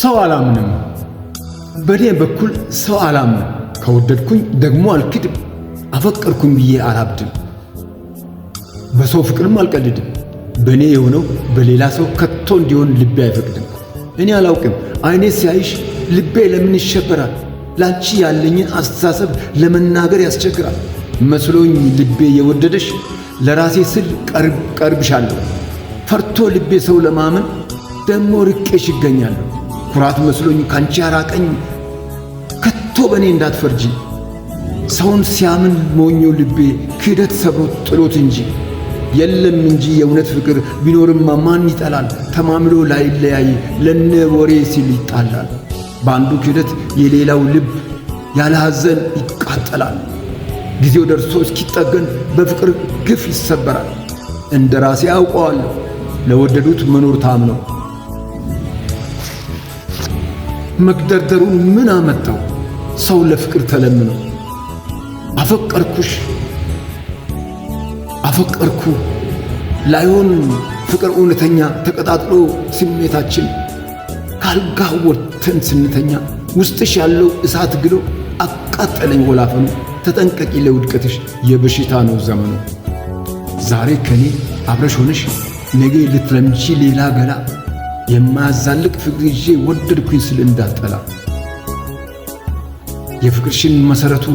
ሰው አላምንም። በእኔ በኩል ሰው አላምንም። ከወደድኩኝ ደግሞ አልክድም። አፈቀርኩኝ ብዬ አላብድም። በሰው ፍቅርም አልቀልድም። በእኔ የሆነው በሌላ ሰው ከቶ እንዲሆን ልቤ አይፈቅድም። እኔ አላውቅም፣ አይኔ ሲያይሽ ልቤ ለምን ይሸበራል? ላንቺ ያለኝን አስተሳሰብ ለመናገር ያስቸግራል። መስሎኝ ልቤ የወደደሽ ለራሴ ስል ቀርብሻለሁ። ፈርቶ ልቤ ሰው ለማመን ደሞ ርቄሽ ይገኛለሁ። ኩራት መስሎኝ ካንቺ ያራቀኝ ከቶ በእኔ እንዳትፈርጂ። ሰውን ሲያምን ሞኞ ልቤ ክህደት ሰብሮት ጥሎት እንጂ የለም እንጂ የእውነት ፍቅር ቢኖርማ ማን ይጠላል? ተማምሎ ላይለያይ ለነ ወሬ ሲል ይጣላል። በአንዱ ክህደት የሌላው ልብ ያለ ሐዘን ይቃጠላል። ጊዜው ደርሶ እስኪጠገን በፍቅር ግፍ ይሰበራል። እንደ ራሴ አውቀዋለሁ ለወደዱት መኖር ታም ነው። መግደርደሩን ምን አመጣው? ሰው ለፍቅር ተለምኖ አፈቀርኩሽ አፈቀርኩ ላይሆን ፍቅር እውነተኛ ተቀጣጥሎ ስሜታችን ካልጋ ወርተን ስንተኛ ውስጥሽ ያለው እሳት ግሎ አቃጠለኝ ወላፈኑ ተጠንቀቂ ለውድቀትሽ የበሽታ ነው ዘመኑ። ዛሬ ከኔ አብረሽ ሆነሽ ነገ ልትለምቺ ሌላ ገላ የማያዛልቅ ፍቅር ይዤ ወደድኩኝ ስል እንዳትጠላ የፍቅርሽን መሠረቱ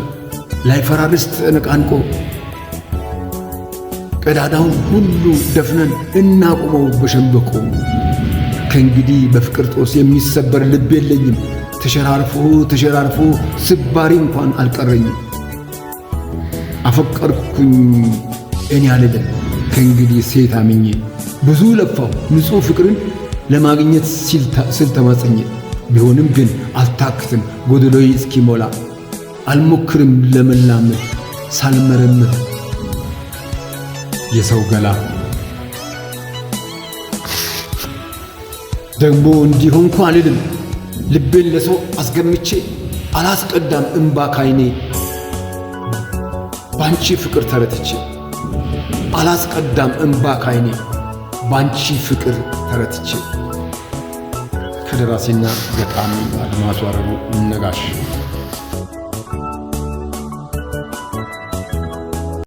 ላይፈራርስ ተነቃንቆ ቀዳዳውን ሁሉ ደፍነን እናቁመው በሸንበቆ። ከእንግዲህ በፍቅር ጦስ የሚሰበር ልብ የለኝም። ተሸራርፎ ተሸራርፎ ስባሪ እንኳን አልቀረኝም። አፈቀርኩኝ እኔ አልልም ከእንግዲህ ሴት አምኜ ብዙ ለፋው ንጹሕ ፍቅርን ለማግኘት ስል ተማጸኝ። ቢሆንም ግን አልታክትም ጎደሎዬ እስኪሞላ አልሞክርም ለመላመድ ሳልመረምር የሰው ገላ ደግሞ እንዲሆንኩ አልልም ልቤን ለሰው አስገምቼ አላስቀዳም እምባ ካይኔ ባንቺ ፍቅር ተረትቼ አላስቀዳም እምባ ካይኔ ባንቺ ፍቅር ተረትቼ ከደራሲና ገጣሚ አድማሱ አረሩ ነጋሽ